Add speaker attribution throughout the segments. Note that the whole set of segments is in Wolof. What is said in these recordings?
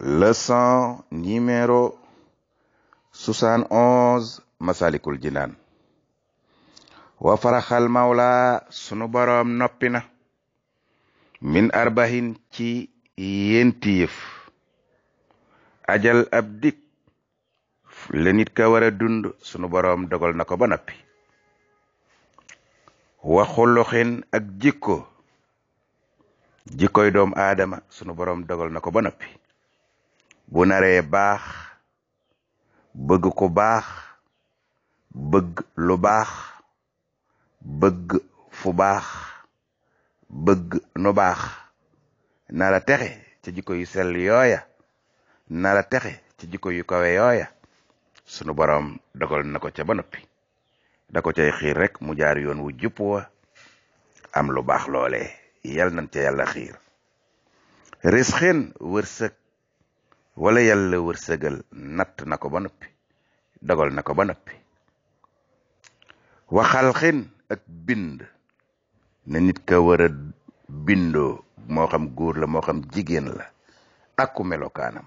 Speaker 1: leçon numéro soixante onze masalikul jinaan wa faraxal mawla sunu boroom noppi na min arbahin ci yenti yëf ajal ab dik nit ka war dund sunu boroom dogal na ko ba noppi wa xuluxin ak jikko jikkoy doom aadama sunu boroom dogal na ko ba noppi bu naree baax bëgg ku baax bëgg lu baax bëgg fu baax bëgg nu baax nara texe ci jikko yu sell yooya nara texe ci jikko yu kawe yooya sunu boroom dogal na ko ca ba noppi da ko cay xiir rek mu jaar yoon wu jub am lu baax loole yal nañ ca yàlla xiir risxin wërsëg wala yàlla wërsëgal nat na ko ba noppi dogal na ko ba noppi waxalxin ak bind ne nit ka war bindo moxam moo góor la moo xam jigéen la ak ku melokaanam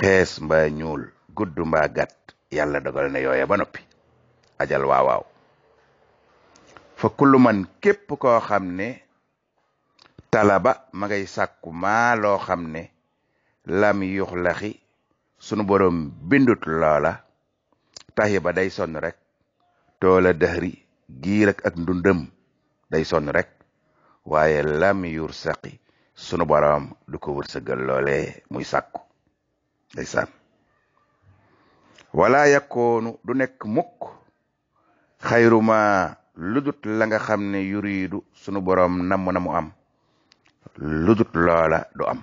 Speaker 1: xees mba ñuul gudd mbaa gàtt yàlla dogal na yooya ba noppi ajal waaw waaw fa kullu man koo xam ne talaba ma ngay sàkku maa loo xam ne lam yux laxi sunu borom bindut loola taxi ba day sonn rek toola dëxri giir ak ndundam day sonn rek waaye lam yur saqi sunu borom du ko wërsëgal loole muy sàkku day sànn wala yakkoonu du nekk mukk xayruma ludut la nga xam ne yuriidu sunu borom namm na mu am ludut loola du am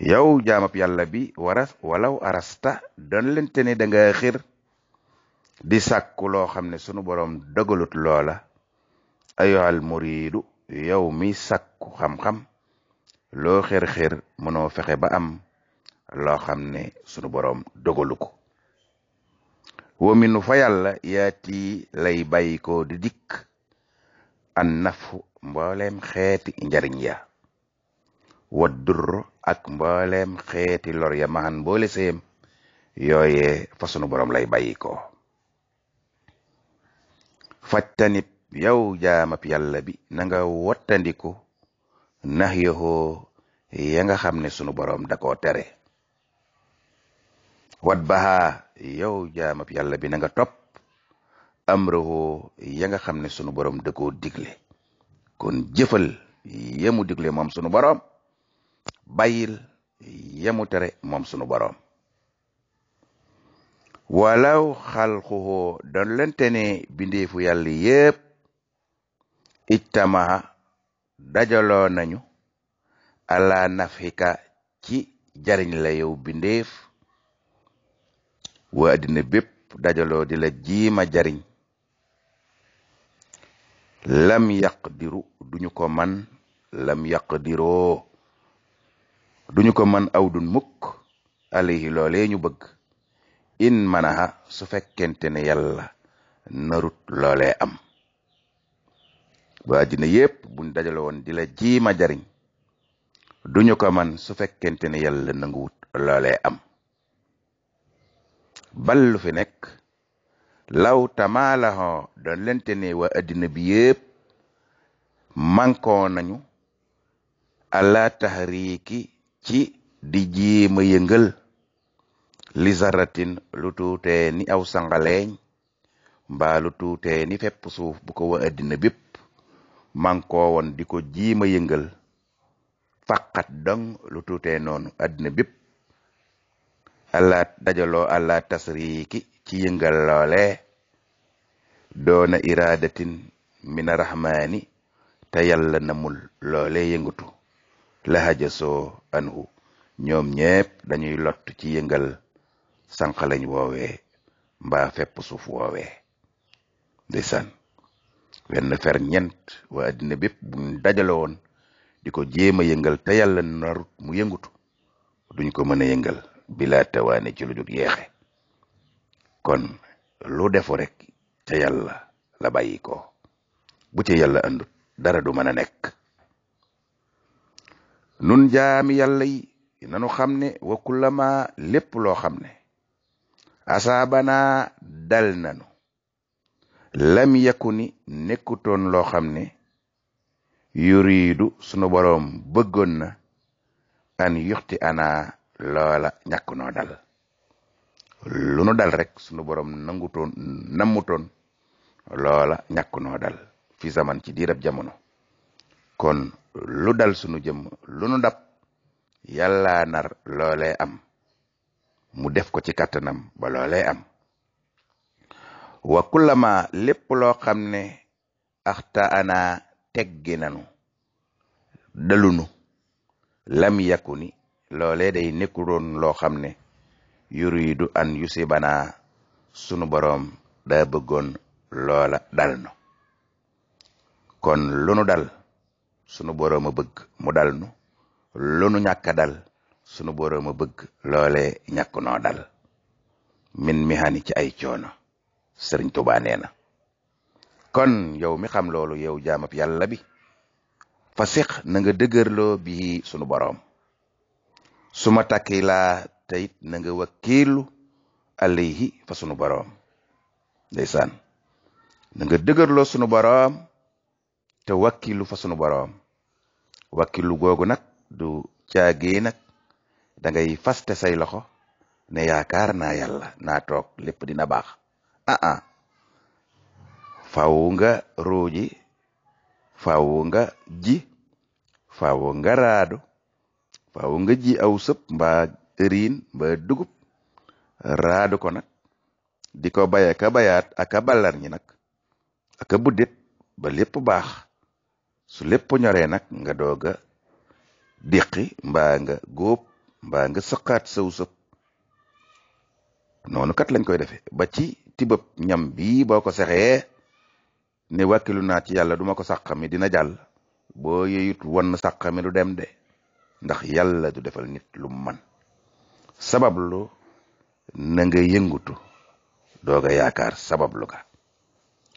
Speaker 1: yow jaamab yàlla bi waras walaw arasta doon lente ne da nga xir di sàkku loo xam ne sunu boroom dogalut loola ayohal muriidu yow mi sàkku xam-xam loo xir-xir mënoo fexe ba am loo xam ne sunu boroom dogalu ko wominu fa yàlla yaati lay bàyyi ko di dikk an nafu mbooleem xeeti njariñ ya wat dur ak mbooleem xeeti lor ya maxan boole seem yooyee fa sunu boroom lay bàyyi ko fajtanib yow jaamab yàlla bi nanga nga wattandiku nax yoxoo ya nga xam ne sunu borom da koo tere wat baxaa yow jaamab yàlla bi na nga topp amrohoo xam ne sunu borom da koo digle kon jëfal yemu digle moom sunu borom bàyyil yemu moom sunu boroom walaw xalquhoo doon lente ne bindeefu yàlla yépp ijtamaa dajaloo nañu ala nafxika ci jariñ la yow bindeef waa àddina bépp dajaloo di jiima jariñ lam yaqdiru duñu ko man lam yaqdiroo duñu ko mën aw dun mukk alayhi loolee ñu bëgg in manaha su fekkente ne yàlla narut loolee am ba àddina yépp buñ dajalewoon woon di la jiima jariñ duñu ko man su fekkente ne yàlla nanguwut loolee am ballu fi nekk law tamaalaxoo doon lente ne waa àddina bi yépp mankoo nañu ala taxriiki ci di jiima yëngal lisaratin zaratin lu tuutee ni aw sangaleeñ suuf bu ko wa addina bépp mankoo woon di ko jiima yëngal faqat dong lu tuutee noonu addina bépp alla dajaloo ci yëngal loole doona iradatin mina rahmaani te yàlla namul loole yëngatu lahajasoo anhu ñoom ñépp dañuy lott ci yëngal sànq lañ woowee mbaa fepp suuf woowee ndeysaan wenn fer ñent waa àddina bépp buñ dajale woon di ko jéem a yëngal yàlla narut mu yëngutu duñ ko mën a yëngal bilaa tawaane ci lu jóg yeexe kon lu defu rek ca yàlla la bàyyi ko bu ca yàlla andut dara du mën a nekk nun jaami yàlla yi nanu xam ne wa lama lépp loo xam ne asaabanaa dal nanu lam yakku ni nekkutoon loo xam ne yuriidu sunu boroom bëggoon na an yuxti ana loola ñàkk noo dal lu nu dal rek sunu borom nangutoon nammutoon loola ñàkk noo dal fi zaman ci diirab jamono kon lu dal sunu jëmm lu nu dab yàlla nar loolee am mu def ko ci kàttanam ba loolee am wa lama lépp loo xam ne axta ana teggi dalunu lam yakku ni loolee day nekkuroon loo xam ne yuridu an yusibana sunu boroom daa bëggoon loola dal nu kon lu nu dal sunu boroom a bëgg mu dal nu lu nu ñàkk dal sunu boroom a bëgg loole ñàkk noo dal min mi hani ci ay coono sëriñ Tuubaa na kon yow mi xam loolu yow jaamab yàlla bi fa siq na nga dëgërloo bii sunu boroom su ma takki laa teyit na nga wakkiilu alayhi fa sunu boroom ndeysaan na nga dëgërloo sunu boroom te wakkiilu fa sunu boroom wakkilu googu nag du caagee nag da faste say loxo ne yaakaar naa yàlla naa toog lépp dina baax ah faw nga ruuji faw nga ji faw nga raadu faw nga ji aw sëb mbaa riin mbaa dugub raadu ko nag di ko bay aka bayaat aka ballar ñi nag aka buddit ba lépp baax su lépp ñoree nag nga doog a diqi mbaa nga góob mbaa nga sëqaat saw sëp noonu kat lañ koy defe ba ci tibëb ñam bii boo ko sexee ne wàkkilu naa ci yàlla duma ko sàqami dina jàll boo yeyut won sàqami lu dem de ndax yàlla du defal nit lu man sabablu na nga yëngutu doog a yaakaar sabablu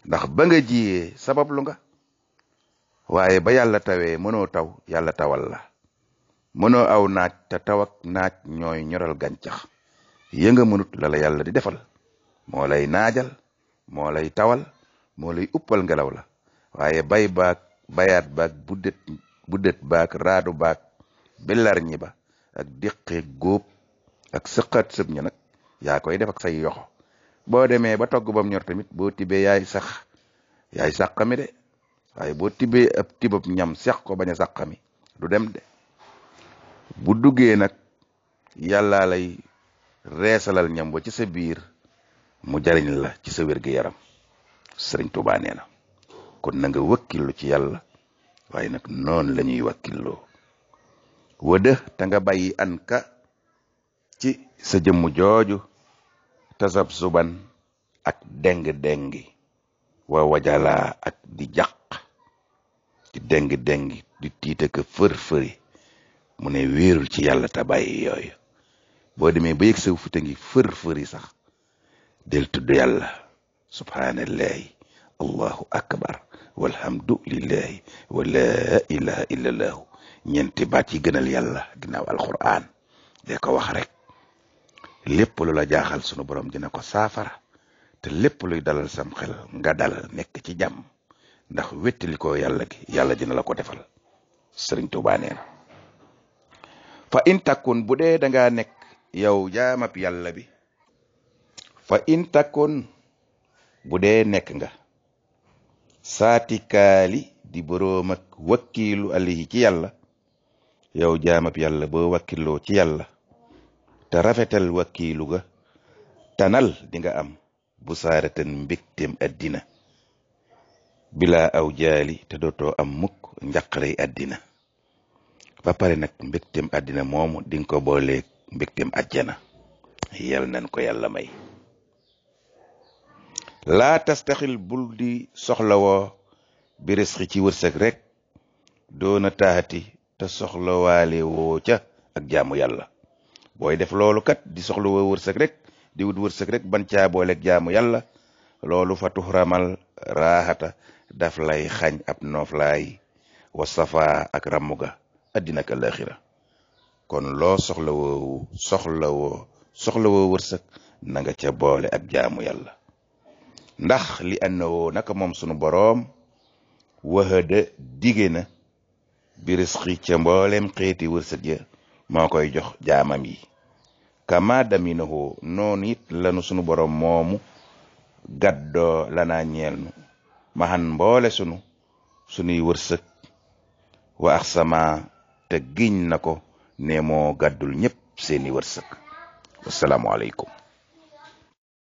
Speaker 1: ndax ba nga jiyee sabablu waaye ba yàlla tawee mënoo taw yàlla tawal la mënoo aw naaj te taw ak naaj ñooy ñoral gàncax yë nga mënut lala la yàlla di defal molay lay naajal moo lay tawal molay lay uppal ngelaw la waaye bay baak bayaat baak buddet buddet baak raadu baak billar ñi ak diqi góob ak sëqaat sëb ña nag yaa koy def ak say yoxo boo demee ba togg bam ñor tamit boo tibe yaay sax yaay sax waaye boo tibbee ab tibab ñam sex ko bañ a sàqami du dem de bu duggee nag yàllaa lay reesalal ñam ba sa biir mu jariñ la ci sa wér yaram sëriñ Tuubaa kon nanga nga wëkkillu ci yàlla waaye nag noon la ñuy wàkkilloo wëdë te nga bàyyi anka ci sa jëmmu jooju tasab suban ak deng dengi wa wajalaa ak di jàq di déng-déngi di fër-fëri mu ne wéerul ci yàlla te bàyyi yooyu boo demee ba yëg fu futa ngi fër-fëri sax del tudd yàlla subhaanallahi allahu akbar walhamdu lillahi wa laa ilaha illa allahu baat yi gënal yàlla ginnaaw alquran de ko wax rek lépp lu la jaaxal sunu borom dina ko saafara te lépp luy dalal sam xel nga dal nekk ci jàmm ndax wéttali ko yàlla gi yàlla dina la ko defal sëriñ Tuubaa fa in takkun bu dee da nekk yow jaamab yàlla bi fa in takkun bu dee nekk nga saatikaali di boroom ak alihi ci yàlla yow jaamab yàlla boo wakkiloo ci yàlla te rafetal wakkiilu ga tanal dinga am bu saaratan mbégteem addina bilaa aw jaali te dootoo am muk njàqarey àddina ba pare nag mbégteem àddina moomu di nga ko boolee mbégteem àjjana yal nañ ko yàlla may laa tastaxil bul di soxlawoo bi risqi ci wërsëg rek doona taati te soxlawaale woo ca ak jaamu yàlla booy def loolu kat di soxla woo wërsëg rek di wut wërsëg rek ban caa booleeg jaamu yàlla loolu fa tuxramal raaxata daf lay xañ ab nooflaay wa safa ak ramuga addina ak kon loo soxla woowu soxla woo soxla woo wërsëg na nga ca boole ak jaamu yàlla ndax li annawoo woo naka moom sunu boroom waxada dige na bi risqi ca mboolem xeeti wërsëg ya moo koy jox jaamam yi kama daminahu noonu it lanu sunu boroom moomu gaddoo lanaa ñel nu maxan mboole sunu sunuy wërsëg wa ax sama te giñ na ko ne moo gàddul ñépp seeni wërsëg wasalaamualeykum